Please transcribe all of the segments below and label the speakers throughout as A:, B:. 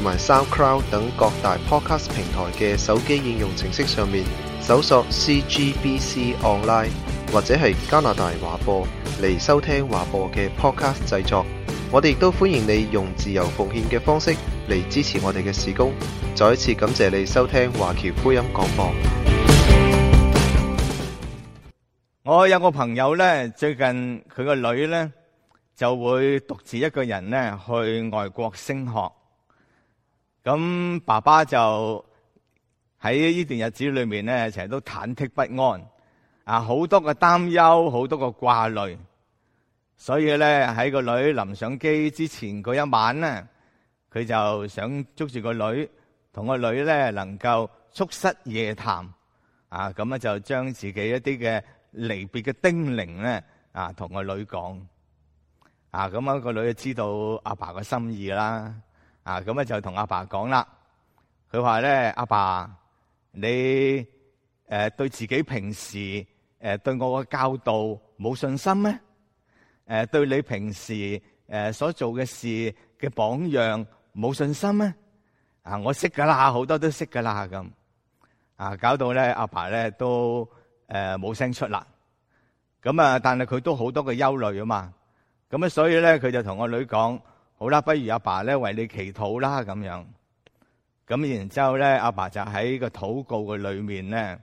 A: 同埋 SoundCloud 等各大 Podcast 平台嘅手機應用程式上面搜索 CGBC Online 或者係加拿大華播嚟收聽華播嘅 Podcast 製作，我哋亦都歡迎你用自由奉獻嘅方式嚟支持我哋嘅事工。再一次感謝你收聽華僑福音廣播。我有個朋友咧，最近佢個女咧就會獨自一個人咧去外國升學。咁爸爸就喺呢段日子裏面咧，成日都忐忑不安，啊，好多嘅擔憂，好多嘅掛慮。所以咧，喺個女臨上機之前嗰一晚咧，佢就想捉住個女，同個女咧能夠促膝夜談，啊，咁啊就將自己一啲嘅離別嘅叮嚀咧，啊，同個女講，啊，咁樣個女就知道阿爸嘅心意啦。啊，咁啊就同阿爸講啦，佢話咧阿爸，你誒、呃、對自己平時誒、呃、對我個教導冇信心咩？誒、呃、對你平時誒、呃、所做嘅事嘅榜樣冇信心咩？啊我識噶啦，好多都識噶啦咁，啊搞到咧阿爸咧都誒冇、呃、聲出啦。咁啊，但係佢都好多嘅憂慮啊嘛。咁啊，所以咧佢就同個女講。好啦，不如阿爸咧為你祈禱啦，咁樣，咁然之後咧，阿爸，爸就喺個禱告嘅裏面咧，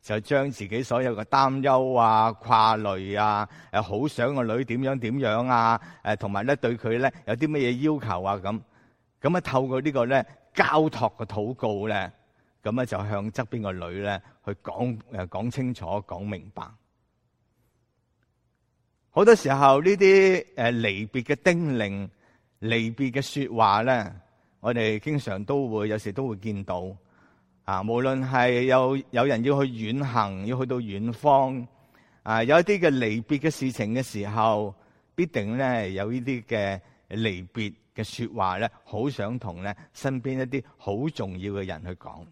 A: 就將自己所有嘅擔憂啊、掛慮啊，誒、啊啊，好想個女點樣點樣啊，誒、啊，同埋咧對佢咧有啲乜嘢要求啊咁，咁啊透過個呢個咧交託嘅禱告咧，咁啊，就向側邊個女咧去講誒講清楚講明白。好多時候呢啲誒離別嘅叮嚀。離別嘅說話咧，我哋經常都會有時都會見到啊！無論係有有人要去遠行，要去到遠方啊，有一啲嘅離別嘅事情嘅時候，必定咧有呢啲嘅離別嘅說話咧，好想同咧身邊一啲好重要嘅人去講。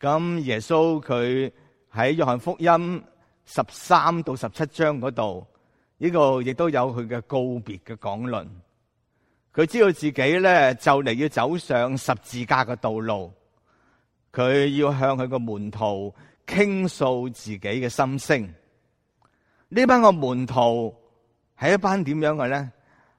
A: 咁耶穌佢喺約翰福音十三到十七章嗰度。呢個亦都有佢嘅告別嘅講論，佢知道自己咧就嚟要走上十字架嘅道路，佢要向佢個門徒傾訴自己嘅心聲。呢班個門徒係一班點樣嘅咧？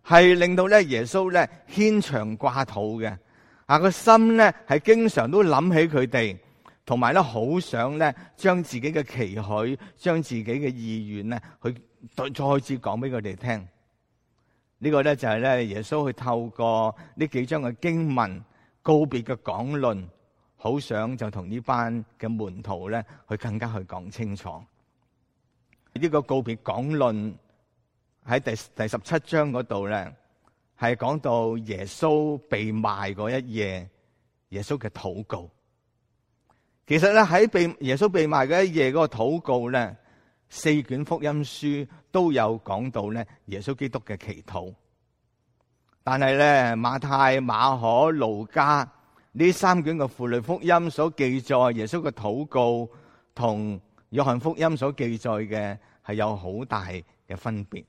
A: 係令到咧耶穌咧牽腸掛肚嘅啊！個心咧係經常都諗起佢哋，同埋咧好想咧將自己嘅期許、將自己嘅意願咧去。再再次講俾佢哋聽，這個、呢個咧就係、是、咧耶穌去透過呢幾章嘅經文告別嘅講論，好想就同呢班嘅門徒咧，去更加去講清楚呢、這個告別講論喺第第十七章嗰度咧，係講到耶穌被賣嗰一夜，耶穌嘅禱告。其實咧喺被耶穌被賣嗰一夜嗰個禱告咧。四卷福音書都有講到咧耶穌基督嘅祈禱，但是呢，但係咧馬太、馬可、路加呢三卷嘅符類福音所記載耶穌嘅禱告，同約翰福音所記載嘅係有好大嘅分別。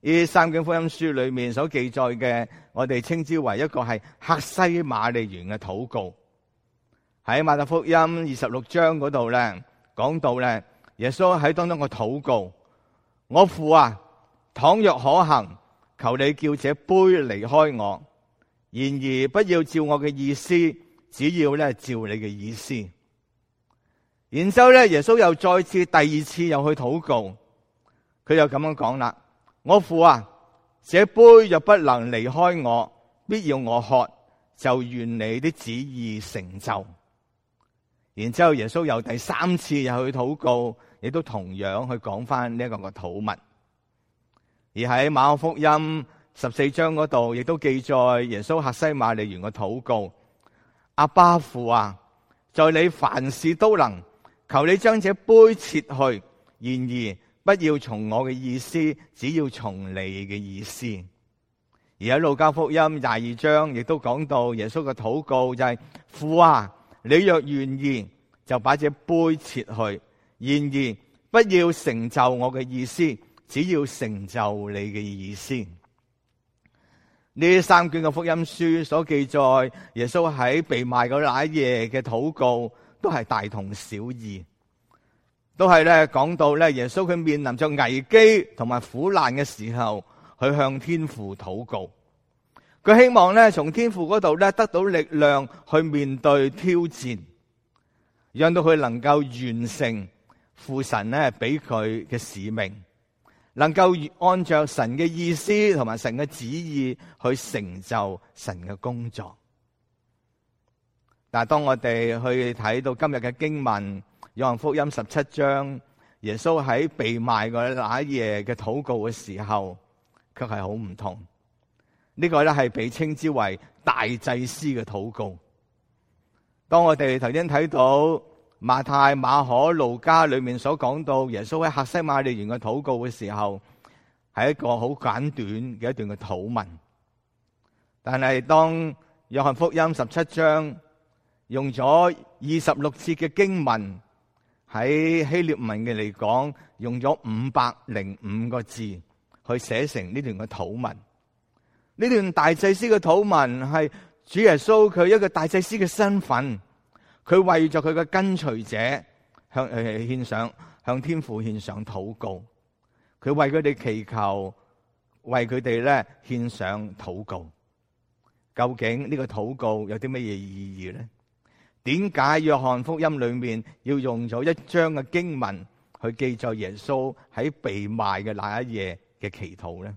A: 呢三卷福音書裏面所記載嘅，我哋稱之為一個係客西馬尼園嘅禱告。喺馬太福音二十六章嗰度咧，講到咧。耶穌喺當中我禱告，我父啊，倘若可行，求你叫這杯離開我，然而不要照我嘅意思，只要咧照你嘅意思。然之後咧，耶穌又再次第二次又去禱告，佢就咁樣講啦：我父啊，這杯若不能離開我，必要我喝，就願你的旨意成就。然之後耶穌又第三次又去禱告。亦都同樣去講翻呢一個個禱文，而喺馬可福音十四章嗰度，亦都記載耶穌客西馬尼園嘅禱告：阿爸父啊，在你凡事都能，求你將這杯撤去，然而不要從我嘅意思，只要從你嘅意思。而喺路加福音廿二,二章，亦都講到耶穌嘅禱告就係、是、父啊，你若願意，就把這杯撤去。然而，不要成就我嘅意思，只要成就你嘅意思。呢三卷嘅福音書所記載，耶穌喺被賣嘅那一夜嘅禱告，都係大同小異，都係咧講到咧耶穌佢面臨着危機同埋苦難嘅時候，佢向天父禱告，佢希望咧從天父嗰度咧得到力量去面對挑戰，讓到佢能夠完成。父神咧俾佢嘅使命，能夠按照神嘅意思同埋神嘅旨意去成就神嘅工作。但係當我哋去睇到今日嘅經文《約翰福音》十七章，耶穌喺被賣嗰一夜嘅禱告嘅時候，卻係好唔同。呢、呢個咧係被稱之為大祭司嘅禱告。當我哋頭先睇到。馬太、馬可、路加裏面所講到耶穌喺客西馬尼園嘅禱告嘅時候，係一個好簡短嘅一段嘅禱文，但是。但係當約翰福音十七章用咗二十六節嘅經文，喺希臘文嘅嚟講，用咗五百零五個字去寫成呢段嘅禱文。呢段大祭司嘅禱文係主耶穌佢一個大祭司嘅身份。佢為咗佢嘅跟隨者向誒獻上向天父獻上禱告，佢為佢哋祈求，為佢哋咧獻上禱告。究竟呢個禱告有啲乜嘢意義咧？點解約翰福音裏面要用咗一章嘅經文去記載耶穌喺被賣嘅那一夜嘅祈禱咧？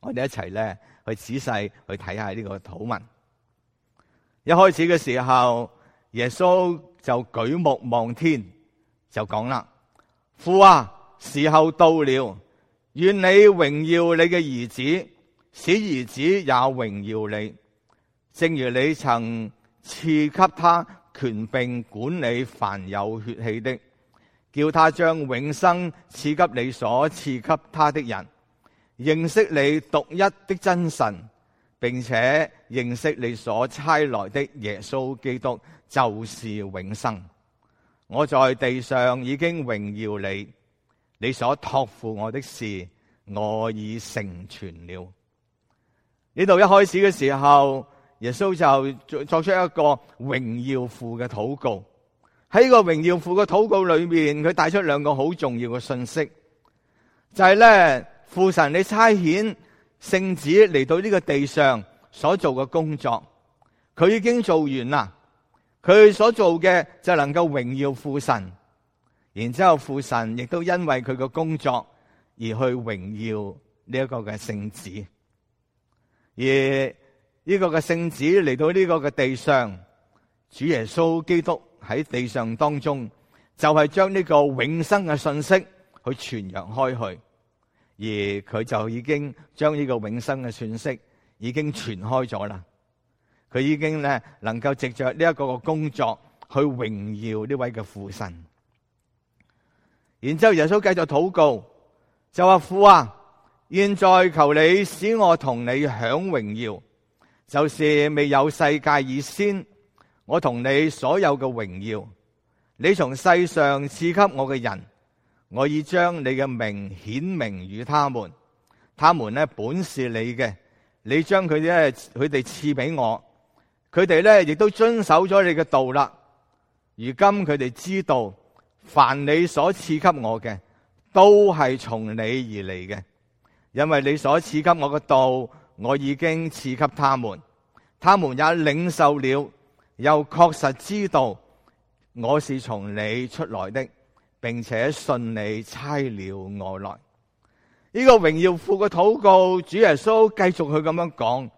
A: 我哋一齊咧去仔細去睇下呢個禱文。一開始嘅時候，耶穌就舉目望天，就講啦：父啊，時候到了，願你榮耀你嘅兒子，使兒子也榮耀你，正如你曾賜給他權柄管理凡有血氣的，叫他將永生賜給你所賜給他的人，認識你獨一的真神。並且認識你所差來的耶穌基督就是永生。我在地上已經榮耀你，你所託付我的事，我已成全了。呢度，一開始嘅時候，耶穌就作出一個榮耀父嘅禱告。喺個榮耀父嘅禱告裏面，佢帶出兩個好重要嘅信息，就係呢，父神，你差遣。聖子嚟到呢個地上所做嘅工作，佢已經做完啦。佢所做嘅就能夠榮耀父神，然之後父神亦都因為佢嘅工作而去榮耀呢一個嘅聖子。而呢個嘅聖子嚟到呢個嘅地上，主耶穌基督喺地上當中就係將呢個永生嘅信息去傳揚開去。而佢就已經將呢個永生嘅訊息已經傳開咗啦。佢已經咧能夠藉着呢一個嘅工作去榮耀呢位嘅父神。然之後耶穌繼續禱告，就話父啊，現在求你使我同你享榮耀，就是未有世界以先，我同你所有嘅榮耀，你從世上賜給我嘅人。我已將你嘅名顯明與他們，他們咧本是你嘅，你將佢咧，佢哋賜俾我，佢哋咧亦都遵守咗你嘅道啦。如今佢哋知道，凡你所賜給我嘅，都係從你而嚟嘅，因為你所賜給我嘅道，我已經賜給他們，他們也領受了，又確實知道我是從你出來的。並且信你差了我來。呢個榮耀父嘅禱告，主耶穌繼續佢咁樣講，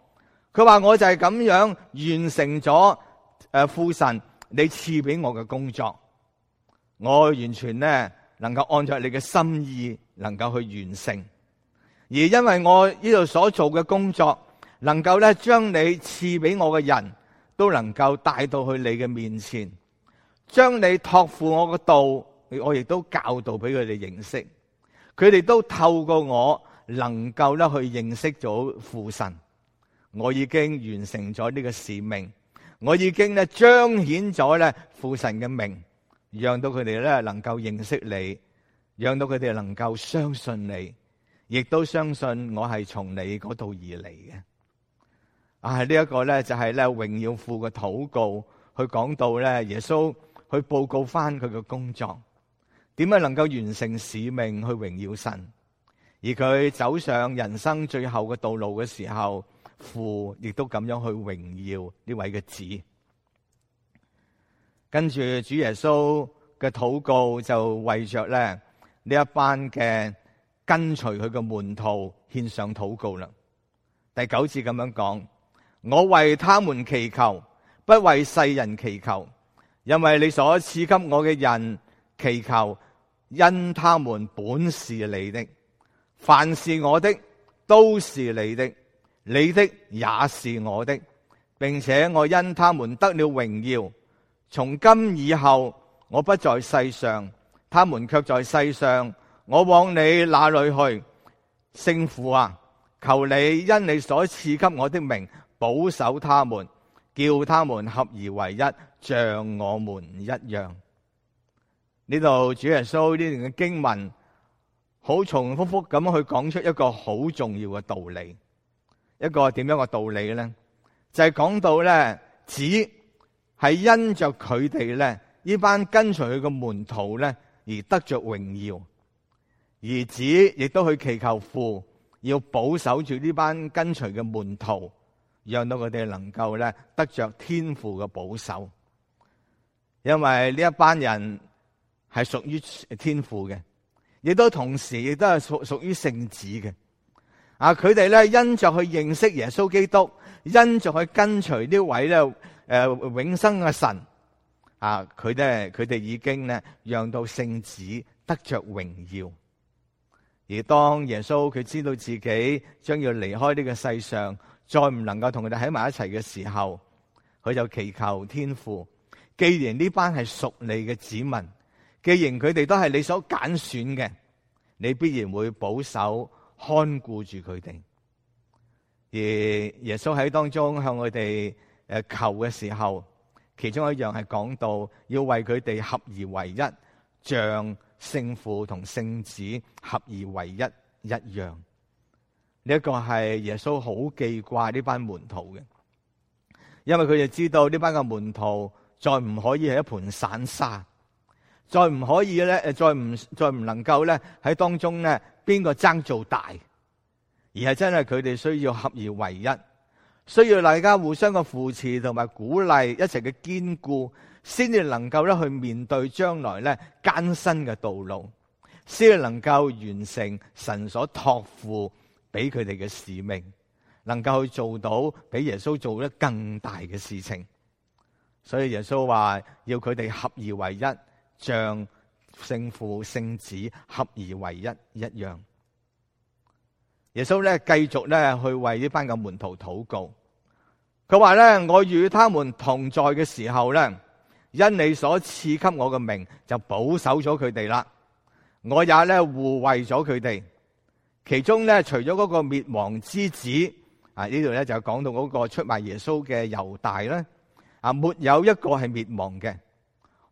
A: 佢話，我就係咁樣完成咗誒父神你賜俾我嘅工作，我完全呢能夠按着你嘅心意能夠去完成，而因為我呢度所做嘅工作，能夠咧將你賜俾我嘅人都能夠帶到去你嘅面前，將你託付我嘅道。我亦都教導俾佢哋認識，佢哋都透過我，能夠咧去認識咗父神。我已經完成咗呢個使命，我已經咧彰顯咗咧父神嘅名，讓到佢哋咧能夠認識你，讓到佢哋能夠相信你，亦都相信我係從你嗰度而嚟嘅。啊，呢一個咧就係咧榮耀父嘅禱告，去講到咧耶穌去報告翻佢嘅工作。點樣能夠完成使命去榮耀神？而佢走上人生最後嘅道路嘅時候，父亦都咁樣去榮耀呢位嘅子。跟住主耶穌嘅禱告就為着咧呢這一班嘅跟隨佢嘅門徒獻上禱告啦。第九節咁樣講，我為他們祈求，不為世人祈求，因為你所賜給我嘅人祈求。因他們本是你的，凡是我的都是你的，你的也是我的，並且我因他們得了榮耀。從今以後，我不在世上，他們卻在世上。我往你那裏去，聖父啊，求你因你所賜給我的名，保守他們，叫他們合而為一，像我們一樣。呢度主耶穌呢段嘅經文，好重複複咁去講出一個好重要嘅道理，一個點樣嘅道理咧？就係、是、講到咧，子係因着佢哋咧呢班跟隨佢嘅門徒咧而得着榮耀，而子亦都去祈求父要保守住呢班跟隨嘅門徒，讓到佢哋能夠咧得着天父嘅保守，因為呢一班人。係屬於天父嘅，亦都同時亦都係屬屬於聖子嘅。啊，佢哋咧因着去認識耶穌基督，因着去跟隨呢位咧誒、呃、永生嘅神，啊，佢咧佢哋已經咧讓到聖子得着榮耀。而當耶穌佢知道自己將要離開呢個世上，再唔能夠同佢哋喺埋一齊嘅時候，佢就祈求天父，既然呢班係屬你嘅子民。既然佢哋都係你所揀選嘅，你必然會保守看顧住佢哋。而耶穌喺當中向佢哋誒求嘅時候，其中一樣係講到要為佢哋合而為一，像聖父同聖子合而為一一樣。呢一個係耶穌好記掛呢班門徒嘅，因為佢哋知道呢班嘅門徒再唔可以係一盤散沙。再唔可以咧，誒，再唔再唔能夠咧喺當中咧，邊個爭做大，而係真係佢哋需要合而為一，需要大家互相嘅扶持同埋鼓勵，一齊嘅堅固，先至能夠咧去面對將來咧艱辛嘅道路，先至能夠完成神所託付俾佢哋嘅使命，能夠去做到比耶穌做得更大嘅事情。所以耶穌話要佢哋合而為一。像聖父聖子合而為一一樣，耶穌咧繼續咧去為呢班嘅門徒禱告。佢話咧：我與他們同在嘅時候咧，因你所賜給我嘅名，就保守咗佢哋啦。我也咧護衛咗佢哋。其中咧，除咗嗰個滅亡之子啊，呢度咧就講到嗰個出賣耶穌嘅猶大咧啊，沒有一個係滅亡嘅。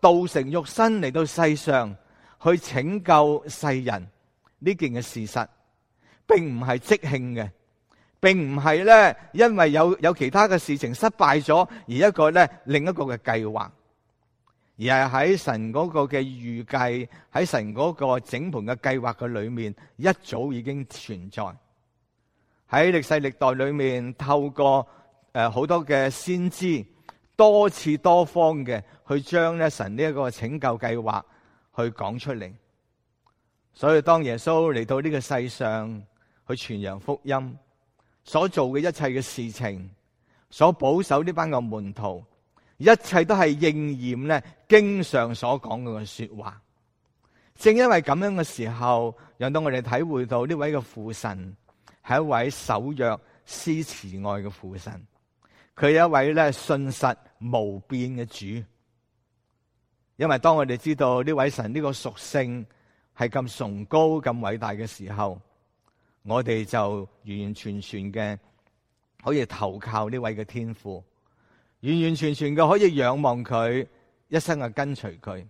A: 道成肉身嚟到世上，去拯救世人呢件嘅事實，並唔係即興嘅，並唔係咧，因為有有其他嘅事情失敗咗，而一個咧，另一個嘅計劃，而係喺神嗰個嘅預計，喺神嗰個整盤嘅計劃嘅裏面，一早已經存在。喺歷世歷代裏面，透過誒好多嘅先知。多次多方嘅去將咧神呢一個拯救計劃去講出嚟，所以當耶穌嚟到呢個世上去傳揚福音，所做嘅一切嘅事情，所保守呢班嘅門徒，一切都係應驗咧經上所講嘅說話。正因為咁樣嘅時候，讓到我哋體會到呢位嘅父神係一位守約施慈愛嘅父神，佢有一位咧信實，無邊嘅主，因為當我哋知道呢位神呢個屬性係咁崇高、咁偉大嘅時候，我哋就完完全全嘅可以投靠呢位嘅天父，完完全全嘅可以仰望佢，一生嘅跟隨佢，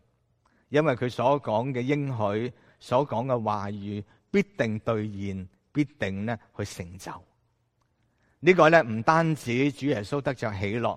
A: 因為佢所講嘅應許、所講嘅話語必定兌現，必定咧去成就。呢個咧唔單止主耶穌得着喜樂。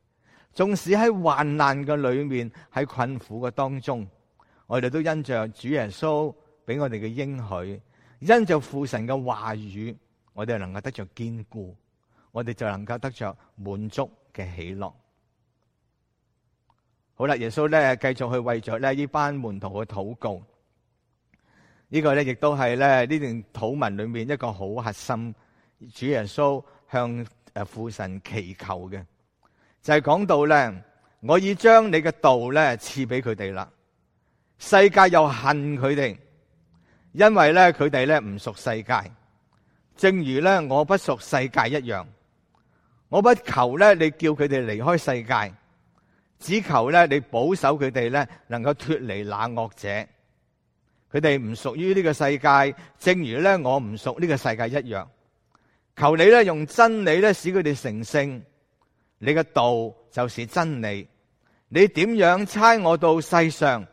A: 縱使喺患難嘅裏面，喺困苦嘅當中，我哋都因着主耶穌俾我哋嘅應許，因着父神嘅話語，我哋能夠得着堅固，我哋就能夠得着滿足嘅喜樂。好啦，耶穌咧繼續去爲着咧呢班門徒去禱告，這個、呢個咧亦都係咧呢段禱文裏面一個好核心，主耶穌向誒父神祈求嘅。就係、是、講到咧，我已將你嘅道咧賜俾佢哋啦。世界又恨佢哋，因為咧佢哋咧唔屬世界，正如咧我不屬世界一樣。我不求咧你叫佢哋離開世界，只求咧你保守佢哋咧能夠脫離那惡者。佢哋唔屬於呢個世界，正如咧我唔屬呢個世界一樣。求你咧用真理咧使佢哋成聖你嘅道就是真理，你點樣差我到世上，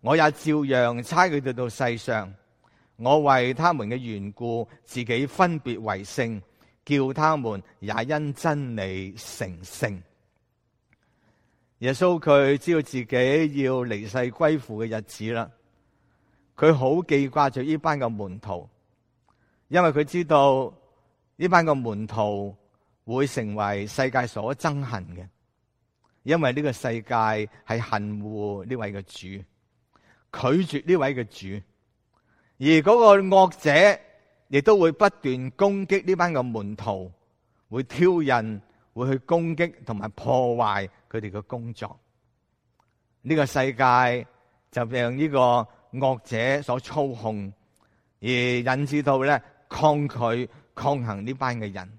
A: 我也照樣差佢哋到世上。我為他們嘅緣故，自己分別為聖，叫他們也因真理成聖。耶穌佢知道自己要離世歸父嘅日子啦，佢好記掛住呢班嘅門徒，因為佢知道呢班嘅門徒。會成為世界所憎恨嘅，因為呢個世界係恨惡呢位嘅主，拒絕呢位嘅主，而嗰個惡者亦都會不斷攻擊呢班嘅門徒，會挑釁，會去攻擊同埋破壞佢哋嘅工作。呢、呢個世界就讓呢個惡者所操控，而引致到咧抗拒、抗衡呢班嘅人。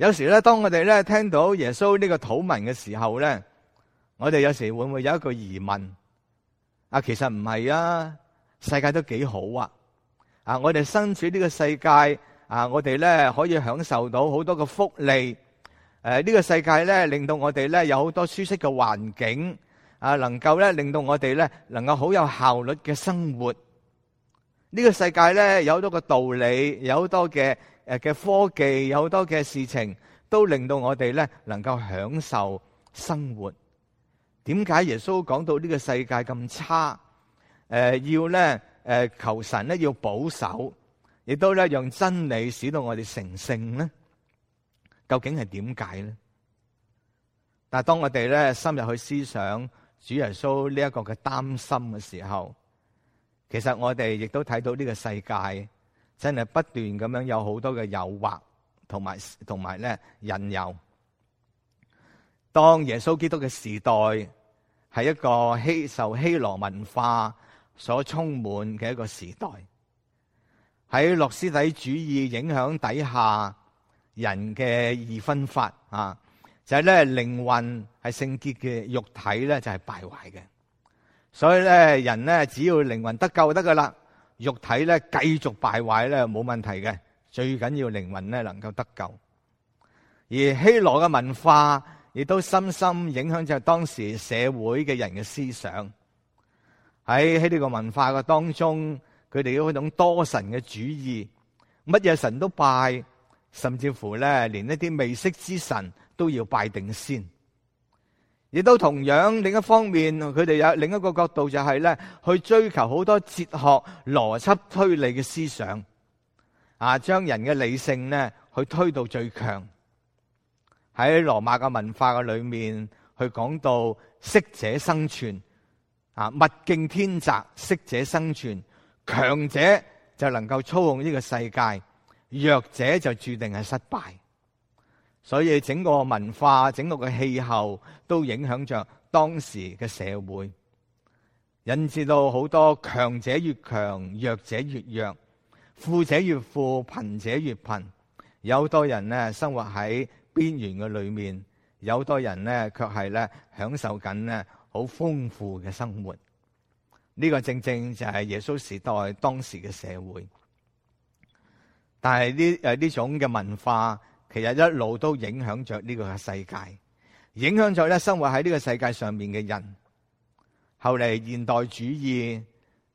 A: 有時呢，當我哋聽到耶穌呢個禱文嘅時候呢，我哋有時會唔會有一個疑問？其實唔係啊，世界都幾好啊。我哋身處呢個世界，我哋可以享受到好多嘅福利，呢個世界令到我哋有好多舒適嘅環境，能夠令到我哋能夠好有效率嘅生活，呢個世界有好多嘅道理，有好多嘅誒嘅科技有好多嘅事情，都令到我哋咧能夠享受生活。點解耶穌講到呢個世界咁差？誒、呃，要咧誒、呃、求神咧要保守，亦都咧用真理使到我哋成聖呢，究竟係點解呢？但係當我哋咧深入去思想主耶穌呢一個嘅擔心嘅時候，其實我哋亦都睇到呢個世界。真係不斷咁樣有好多嘅誘惑同埋同埋咧引誘。當耶穌基督嘅時代係一個受希羅文化所充滿嘅一個時代，喺諾斯底主義影響底下，人嘅二分法啊，就係咧靈魂係聖潔嘅，肉體咧就係敗壞嘅。所以咧人咧只要靈魂得救就得噶啦。肉體咧繼續敗壞咧冇問題嘅，最緊要靈魂咧能夠得救。而希羅嘅文化亦都深深影響咗當時社會嘅人嘅思想。喺喺呢個文化嘅當中，佢哋嗰種多神嘅主義，乜嘢神都拜，甚至乎咧連一啲未識之神都要拜定先。亦都同樣，另一方面，佢哋有另一個角度，就係咧，去追求好多哲學邏輯推理嘅思想，啊，將人嘅理性咧去推到最強。喺羅馬嘅文化嘅裏面，去講到適者生存，啊，物競天擇，適者生存，強者就能夠操控呢個世界，弱者就注定係失敗。所以整個文化、整個嘅氣候都影響着當時嘅社會，引致到好多強者越強、弱者越弱、富者越富、貧者越貧。有多人呢生活喺邊緣嘅裏面，有多人咧卻係享受緊好豐富嘅生活。呢個正正就係耶穌時代當時嘅社會。但係呢誒呢種嘅文化。其實一路都影響着呢個世界，影響着咧生活喺呢個世界上面嘅人。後嚟現代主義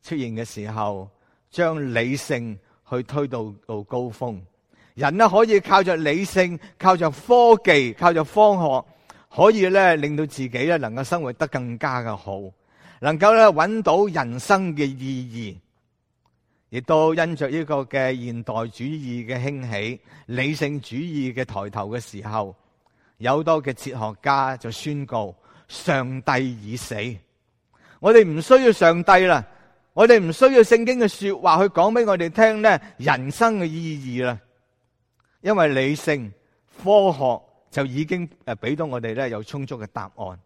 A: 出現嘅時候，將理性去推到到高峰，人咧可以靠著理性、靠著科技、靠著科學，可以咧令到自己咧能夠生活得更加嘅好，能夠咧揾到人生嘅意義。亦都因着呢個嘅現代主義嘅興起，理性主義嘅抬頭嘅時候，有多嘅哲學家就宣告上帝已死，我哋唔需要上帝啦，我哋唔需要聖經嘅說話去講俾我哋聽咧，人生嘅意義啦，因為理性、科學就已經誒俾到我哋咧有充足嘅答案。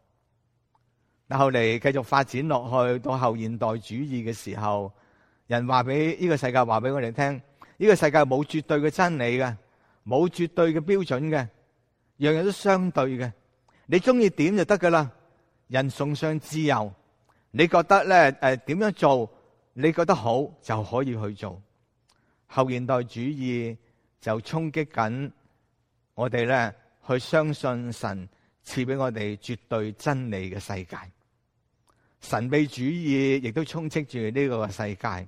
A: 但後嚟繼續發展落去到後現代主義嘅時候。人話俾呢個世界話俾我哋聽，呢個世界冇絕對嘅真理嘅，冇絕對嘅標準嘅，樣樣都相對嘅。你中意點就得噶啦。人崇尚自由，你覺得咧誒點樣做你覺得好就可以去做。後現代主義就衝擊緊我哋咧去相信神賜俾我哋絕對真理嘅世界。神秘主義亦都充斥住呢個世界。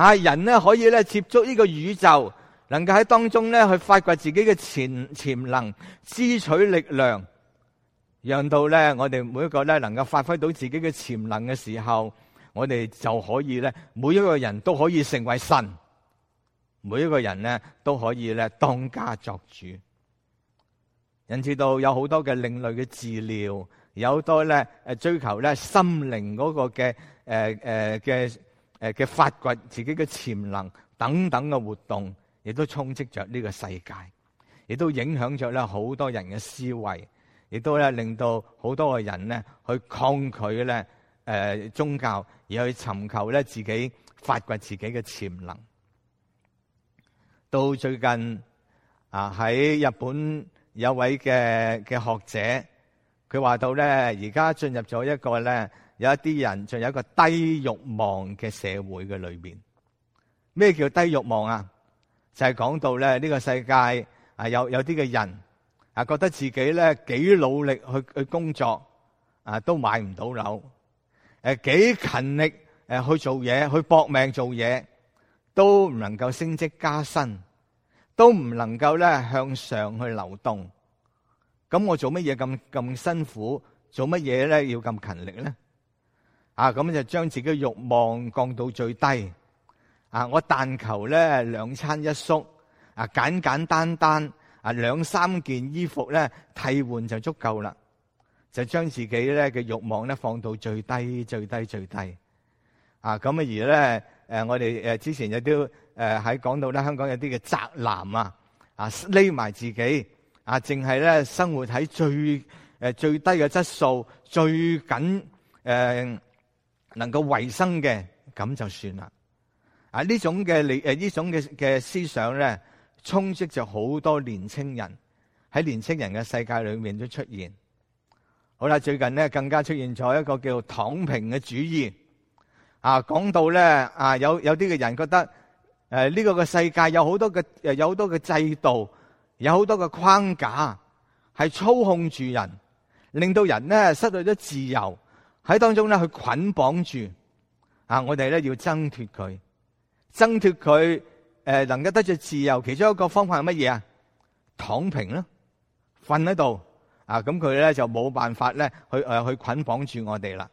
A: 啊！人咧可以咧接觸呢個宇宙，能夠喺當中咧去發掘自己嘅潛潛能，支取力量，讓到咧我哋每一個咧能夠發揮到自己嘅潛能嘅時候，我哋就可以咧每一個人都可以成為神，每一個人咧都可以咧當家作主。引致到有好多嘅另類嘅治療，有好多咧誒追求咧心靈嗰個嘅誒誒嘅。呃呃誒嘅發掘自己嘅潛能等等嘅活動，亦都充斥着呢個世界，亦都影響着咧好多人嘅思維，亦都咧令到好多嘅人呢去抗拒咧誒宗教，而去尋求咧自己發掘自己嘅潛能。到最近啊喺日本有位嘅嘅學者，佢話到咧而家進入咗一個咧。有一啲人，仲有一個低慾望嘅社會嘅裏邊。咩叫低慾望啊？就係講到咧呢個世界啊，有有啲嘅人啊，覺得自己咧幾努力去去工作啊，都買唔到樓。誒，幾勤力誒去做嘢，去搏命做嘢，都唔能夠升職加薪，都唔能夠咧向上去流動。咁我做乜嘢咁咁辛苦？做乜嘢咧要咁勤力咧？啊，咁就將自己嘅欲望降到最低。啊，我但求咧兩餐一宿，啊簡簡單單，啊兩三件衣服咧替換就足夠啦。就將自己咧嘅欲望咧放到最低最低最低。啊，咁而咧誒我哋誒之前有啲誒喺講到咧香港有啲嘅宅男啊啊匿埋自己，啊淨係咧生活喺最誒最低嘅質素，最緊誒。能夠維生嘅咁就算啦。啊，呢種嘅你誒，呢種嘅嘅思想咧，充斥著好多年輕人喺年青人嘅世界裏面都出現。好啦，最近咧更加出現咗一個叫躺平嘅主義。啊，講到咧啊，有有啲嘅人覺得誒，呢、啊呢個嘅世界有好多嘅，誒，有好多嘅制度，有好多嘅框架係操控住人，令到人咧失去咗自由。喺當中咧，去捆綁住啊！我哋咧要掙脫佢，掙脫佢誒，能夠得着自由。其中一個方法係乜嘢啊？躺平咯，瞓喺度啊！咁佢咧就冇辦法咧去誒去捆綁住我哋啦。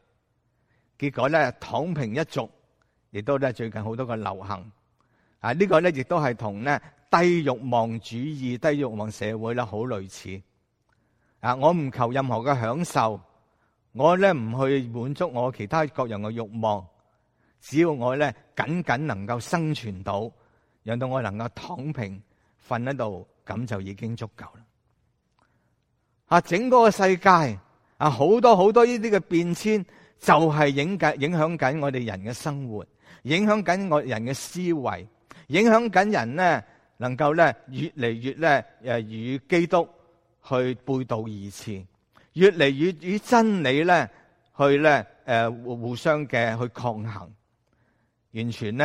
A: 結果咧，躺平一族亦都咧最近好多個流行啊！呢個咧亦都係同咧低欲望主義、低欲望社會咧，好類似啊！我唔求任何嘅享受。我咧唔去滿足我其他各樣嘅慾望，只要我咧僅僅能夠生存到，讓到我能夠躺平瞓喺度，咁就已經足夠啦。啊，整個世界啊，好多好多呢啲嘅變遷，就係影緊影響緊我哋人嘅生活，影響緊我人嘅思維，影響緊人咧，能夠咧越嚟越咧誒與基督去背道而馳。越來越與真理呢，去呢，呃，互相的去抗衡，完全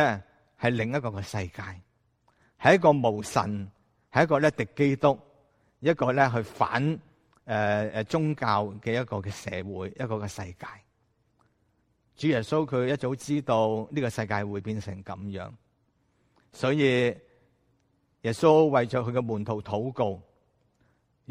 A: 是另一個的世界，是一個無神，是一個呢，敵基督，一個呢，去反呃，宗教的一個社會，一個世界。主耶穌佢一早知道這個世界會變成這樣，所以耶穌為咗他的門徒禱告，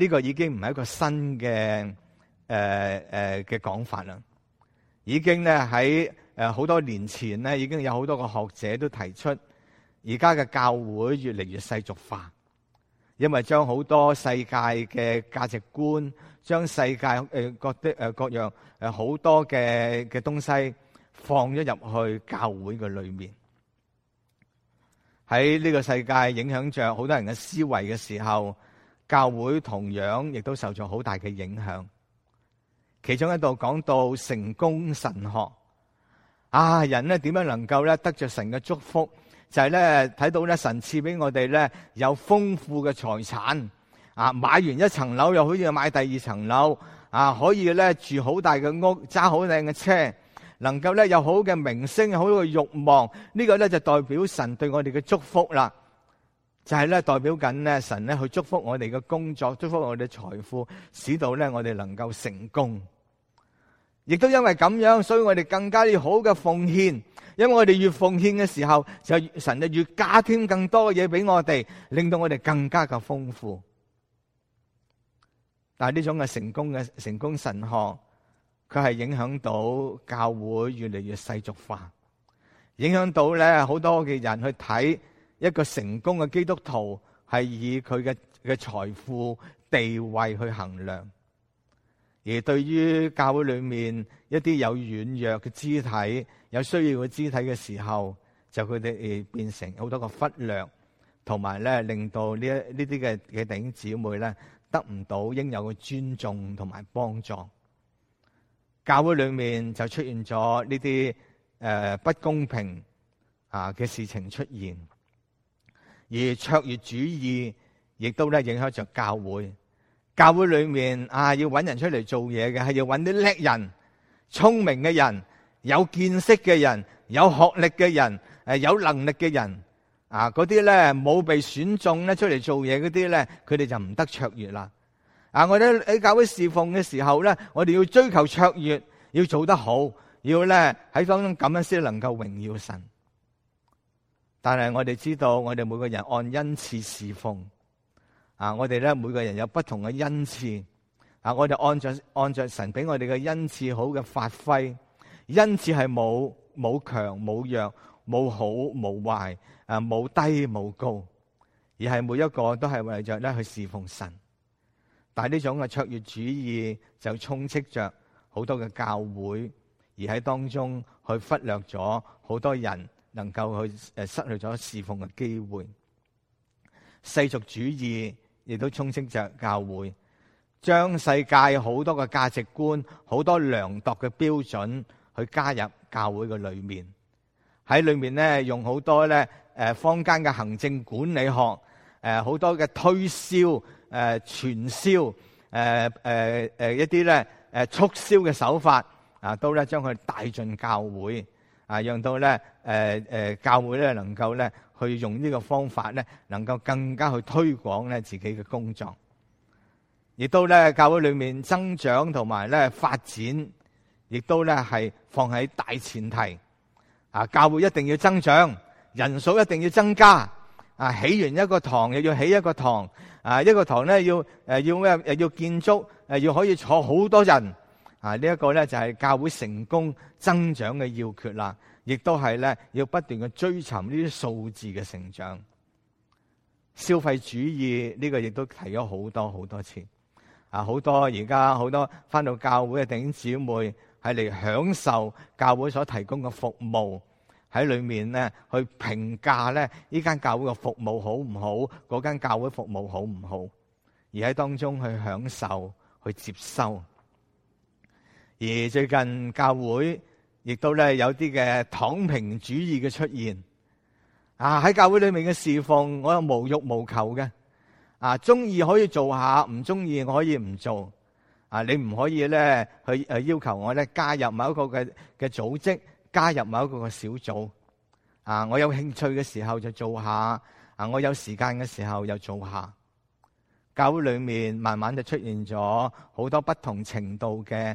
A: 呢個已經唔係一個新嘅誒誒嘅講法啦，已經咧喺誒好多年前咧已經有好多個學者都提出，而家嘅教會越嚟越世俗化，因為將好多世界嘅價值觀、將世界誒各啲誒各樣誒好多嘅嘅東西放咗入去教會嘅裏面，喺呢個世界影響着好多人嘅思維嘅時候。教會同樣亦都受咗好大嘅影響，其中一度講到成功神學，啊人咧點樣能夠咧得着神嘅祝福？就係咧睇到咧神賜俾我哋咧有豐富嘅財產，啊買完一層樓又可以買第二層樓，啊可以咧住好大嘅屋，揸好靚嘅車，能夠咧有好嘅名聲，好嘅欲望，呢個咧就代表神對我哋嘅祝福啦。就係咧，代表緊咧神咧去祝福我哋嘅工作，祝福我哋嘅財富，使到咧我哋能夠成功。亦都因為咁樣，所以我哋更加要好嘅奉獻。因為我哋越奉獻嘅時候，就神就越加添更多嘅嘢俾我哋，令到我哋更加嘅豐富。但係呢種嘅成功嘅成功神學，佢係影響到教會越嚟越世俗化，影響到咧好多嘅人去睇。一個成功嘅基督徒係以佢嘅嘅財富地位去衡量，而對於教會裏面一啲有軟弱嘅肢體、有需要嘅肢體嘅時候，就佢哋誒變成好多個忽略，同埋咧令到呢一呢啲嘅嘅弟兄姊妹咧得唔到應有嘅尊重同埋幫助，教會裏面就出現咗呢啲誒不公平啊嘅事情出現。而卓越主義亦都咧影響着教會，教會裏面啊要搵人出嚟做嘢嘅係要搵啲叻人、聰明嘅人、有見識嘅人、有學歷嘅人、誒有能力嘅人。啊，嗰啲咧冇被選中咧出嚟做嘢嗰啲咧，佢哋就唔得卓越啦。啊，我哋喺教會侍奉嘅時候咧，我哋要追求卓越，要做得好，要咧喺當中咁樣先能夠榮耀神。但係我哋知道，我哋每個人按恩賜侍奉啊！我哋咧每個人有不同嘅恩賜啊！我哋按着按着神俾我哋嘅恩賜好嘅發揮，恩賜係冇冇強冇弱冇好冇壞啊冇低冇高，而係每一個都係為着咧去侍奉神。但係呢種嘅卓越主義就充斥着好多嘅教會，而喺當中去忽略咗好多人。能夠去誒，失去咗侍奉嘅機會，世俗主義亦都充斥着教會，將世界好多嘅價值觀、好多量度嘅標準去加入教會嘅裏面，喺裏面咧用好多咧誒，坊間嘅行政管理學，誒，好多嘅推銷、誒，傳銷、誒，誒，誒，一啲咧誒，促銷嘅手法啊，都咧將佢帶進教會。啊，讓到呢，呃，呃，教會呢，能夠呢，去用呢個方法呢，能夠更加去推廣呢，自己嘅工作。亦都呢，教會裏面增長同埋呢，發展，亦都呢，係放喺大前提。啊，教會一定要增長，人數一定要增加，起完一個堂，又要起一個堂，一個堂呢，要，要，又要建築，要可以坐好多人，啊！這個、呢一個就係、是、教會成功增長嘅要訣啦，亦都係呢，要不斷嘅追尋呢啲數字嘅成長。消費主義呢、這個亦都提咗好多好多次。啊，好多而家好多返到教會嘅弟兄姊妹係嚟享受教會所提供嘅服務，喺裏面呢，去評價呢，呢間教會嘅服務好唔好，嗰間教會服務好唔好，而喺當中去享受去接收。而最近教會亦都咧有啲嘅躺平主義嘅出現，啊喺教會裏面嘅侍奉，我又無欲無求嘅，啊，中意可以做下，唔中意，我可以唔做，啊你唔可以咧去誒要求我咧加入某一個嘅嘅組織，加入某一個嘅小組，啊我有興趣嘅時候就做下，啊我有時間嘅時候又做下，教會裏面慢慢就出現咗好多不同程度嘅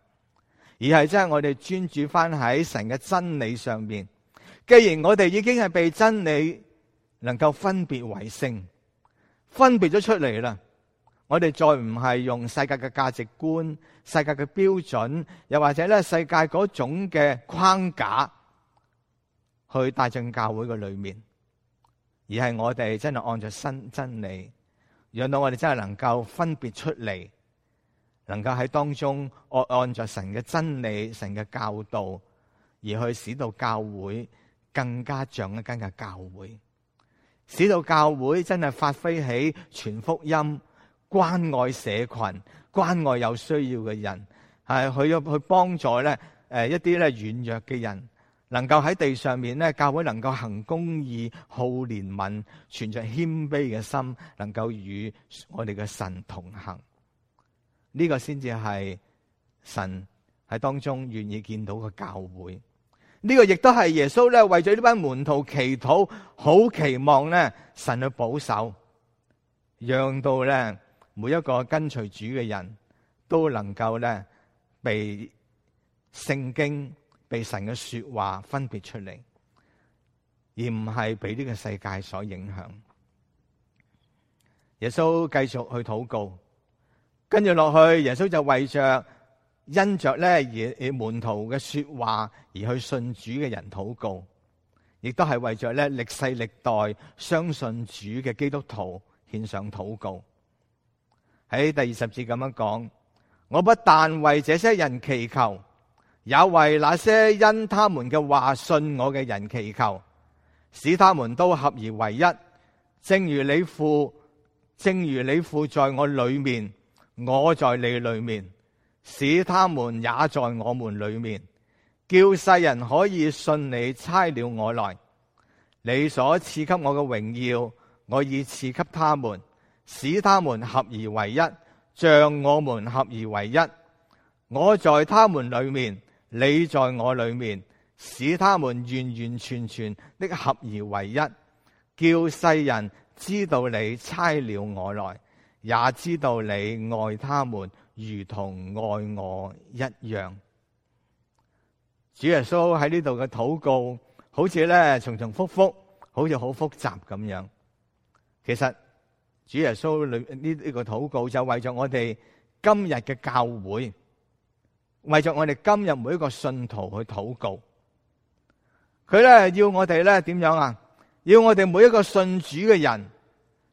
A: 而係真係我哋專注翻喺神嘅真理上面。既然我哋已經係被真理能夠分別為聖，分別咗出嚟啦，我哋再唔係用世界嘅價值觀、世界嘅標準，又或者咧世界嗰種嘅框架去帶進教會嘅裏面，而係我哋真係按着新真理，讓到我哋真係能夠分別出嚟。能夠喺當中按按着神嘅真理，神嘅教導，而去使到教會更加像一間嘅教會，使到教會真係發揮起傳福音、關愛社群、關愛有需要嘅人，係去去幫助咧，誒一啲咧軟弱嘅人，能夠喺地上面咧教會能夠行公義、好憐憫、存着謙卑嘅心，能夠與我哋嘅神同行。呢個先至係神喺當中願意見到嘅教會，呢個亦都係耶穌咧為咗呢班門徒祈禱，好期望咧神去保守，讓到咧每一個跟隨主嘅人都能夠咧被聖經、被神嘅說話分別出嚟，而唔係俾呢個世界所影響。耶穌繼續去禱告。跟住落去，耶穌就為着因着咧而門徒嘅說話而去信主嘅人禱告，亦都係為着咧歷世歷代相信主嘅基督徒獻上禱告。喺第二十節咁樣講：我不但為這些人祈求，也為那些因他們嘅話信我嘅人祈求，使他們都合而為一，正如你父，正如你父在我裏面。我在你裏面，使他們也在我們裏面，叫世人可以信你差了我來。你所賜給我嘅榮耀，我已賜給他們，使他們合而為一，像我們合而為一。我在他們裏面，你在我裏面，使他們完完全全的合而為一，叫世人知道你差了我來。也知道你愛他們，如同愛我一樣。主耶穌喺呢度嘅禱告，好似咧重重複複，好似好複雜咁樣。其實主耶穌裏呢呢個禱告就為咗我哋今日嘅教會，為咗我哋今日每一個信徒去禱告。佢咧要我哋咧點樣啊？要我哋每一個信主嘅人。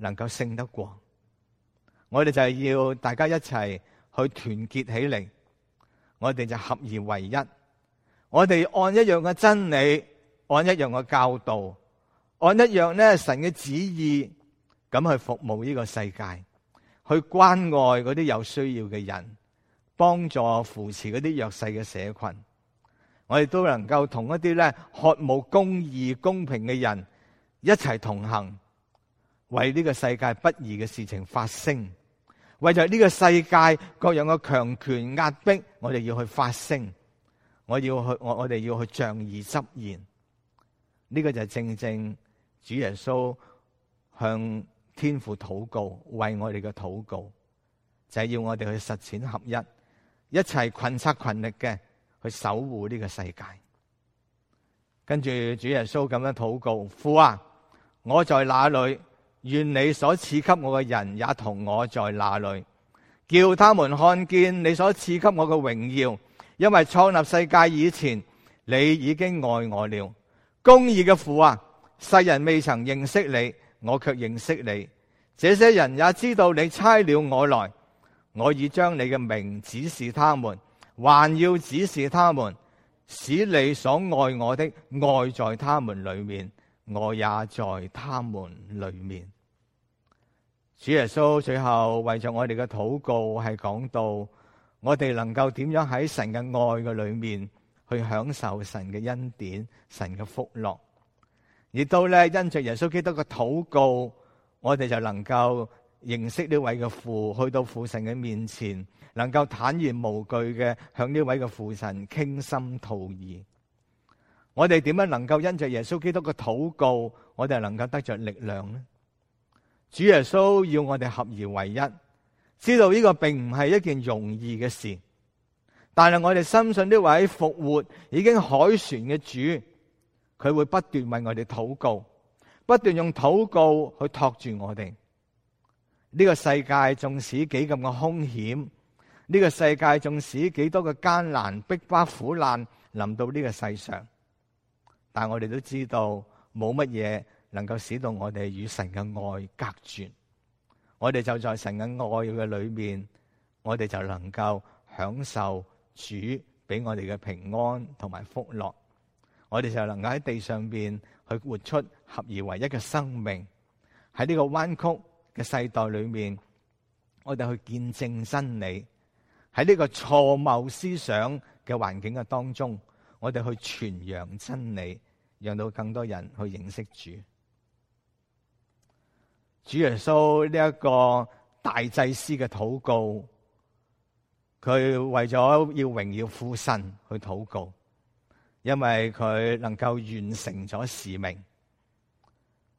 A: 能夠勝得過，我哋就係要大家一齊去團結起嚟，我哋就合而為一，我哋按一樣嘅真理，按一樣嘅教導，按一樣呢神嘅旨意，咁去服務呢個世界，去關愛嗰啲有需要嘅人，幫助扶持嗰啲弱勢嘅社群，我哋都能夠同一啲咧渴慕公義、公平嘅人一齊同行。為呢個世界不義嘅事情發聲，為咗呢個世界各樣嘅強權壓迫，我哋要去發聲，我要去，我我哋要去仗義執言。呢個就係正正主耶穌向天父禱告，為我哋嘅禱告，就係、是、要我哋去實踐合一，一齊群策群力嘅去守護呢個世界。跟住主耶穌咁樣禱告：父啊，我在哪裏？願你所賜給我嘅人也同我在那裏，叫他們看見你所賜給我嘅榮耀。因為創立世界以前，你已經愛我了。公義嘅父啊，世人未曾認識你，我卻認識你。這些人也知道你差了我來，我已將你嘅名指示他們，還要指示他們，使你所愛我的愛在他們裏面。我也在他們裏面。主耶穌最後為咗我哋嘅禱告，係講到我哋能夠點樣喺神嘅愛嘅裏面去享受神嘅恩典、神嘅福樂，亦都咧因着耶穌基督嘅禱告，我哋就能夠認識呢位嘅父，去到父神嘅面前，能夠坦然無懼嘅向呢位嘅父神傾心吐意。我哋點樣能夠因着耶穌基督嘅禱告，我哋能夠得着力量呢？主耶穌要我哋合而為一，知道呢個並唔係一件容易嘅事，但係我哋深信呢位復活已經凱旋嘅主，佢會不斷為我哋禱告，不斷用禱告去托住我哋。呢個世界縱使幾咁嘅凶險，呢個世界縱使幾多嘅艱難、逼迫、苦難臨到呢個世上。但係我哋都知道，冇乜嘢能夠使到我哋與神嘅愛隔絕。我哋就在神嘅愛嘅裏面，我哋就能夠享受主俾我哋嘅平安同埋福樂。我哋就能夠喺地上邊去活出合而為一嘅生命。喺呢個彎曲嘅世代裏面，我哋去見證真理。喺呢個錯謬思想嘅環境嘅當中。我哋去傳揚真理，讓到更多人去認識主。主耶穌呢一個大祭司嘅禱告，佢為咗要榮耀父神去禱告，因為佢能夠完成咗使命。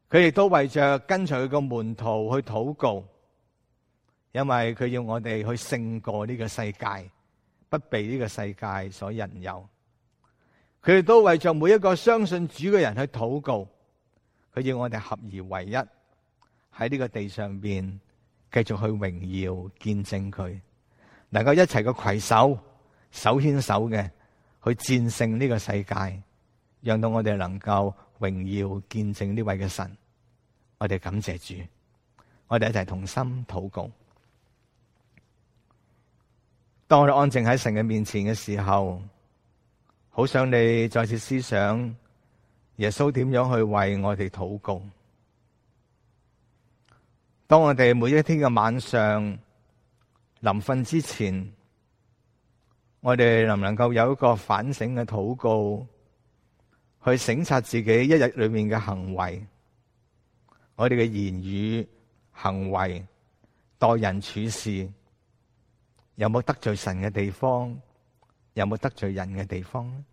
A: 佢亦都為着跟隨佢個門徒去禱告，因為佢要我哋去勝過呢個世界，不被呢個世界所引誘。佢哋都為着每一個相信主嘅人去禱告，佢要我哋合而為一，喺呢個地上邊繼續去榮耀見證佢，能夠一齊嘅攜手手牽手嘅去戰勝呢個世界，讓到我哋能夠榮耀見證呢位嘅神。我哋感謝主，我哋一齊同心禱告。當我哋安靜喺神嘅面前嘅時候。好想你再次思想耶穌點樣去為我哋禱告。當我哋每一天嘅晚上臨瞓之前，我哋能唔能夠有一個反省嘅禱告，去省察自己一日裏面嘅行為，我哋嘅言語、行為、待人處事，有冇得罪神嘅地方？有冇得罪人嘅地方呢？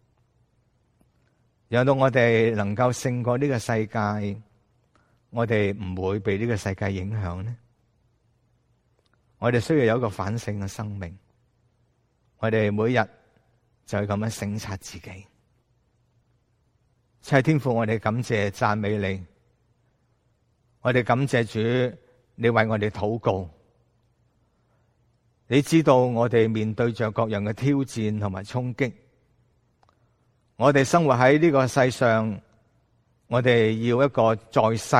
A: 讓到我哋能夠勝過呢個世界，我哋唔會被呢個世界影響呢，我哋需要有一個反省嘅生命，我哋每日就係咁樣省察自己。謝天父，我哋感謝讚美你，我哋感謝主，你為我哋禱告。你知道我哋面對着各樣嘅挑戰同埋衝擊，我哋生活喺呢個世上，我哋要一個在世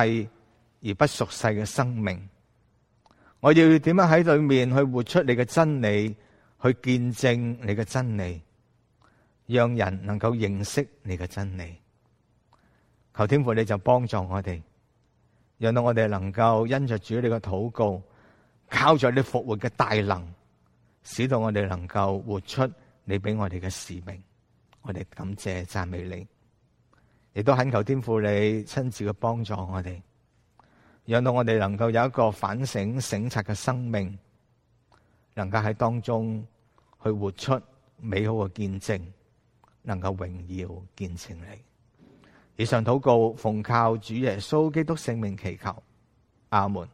A: 而不屬世嘅生命。我要點樣喺裏面去活出你嘅真理，去見證你嘅真理，讓人能夠認識你嘅真理。求天父，你就幫助我哋，讓到我哋能夠因着主你嘅禱告，靠着你復活嘅大能。使到我哋能夠活出你俾我哋嘅使命，我哋感謝讚美你，亦都懇求天父你親自嘅幫助我哋，讓到我哋能夠有一個反省省察嘅生命，能夠喺當中去活出美好嘅見證，能夠榮耀見證你。以上禱告，奉靠主耶穌基督聖名祈求，阿門。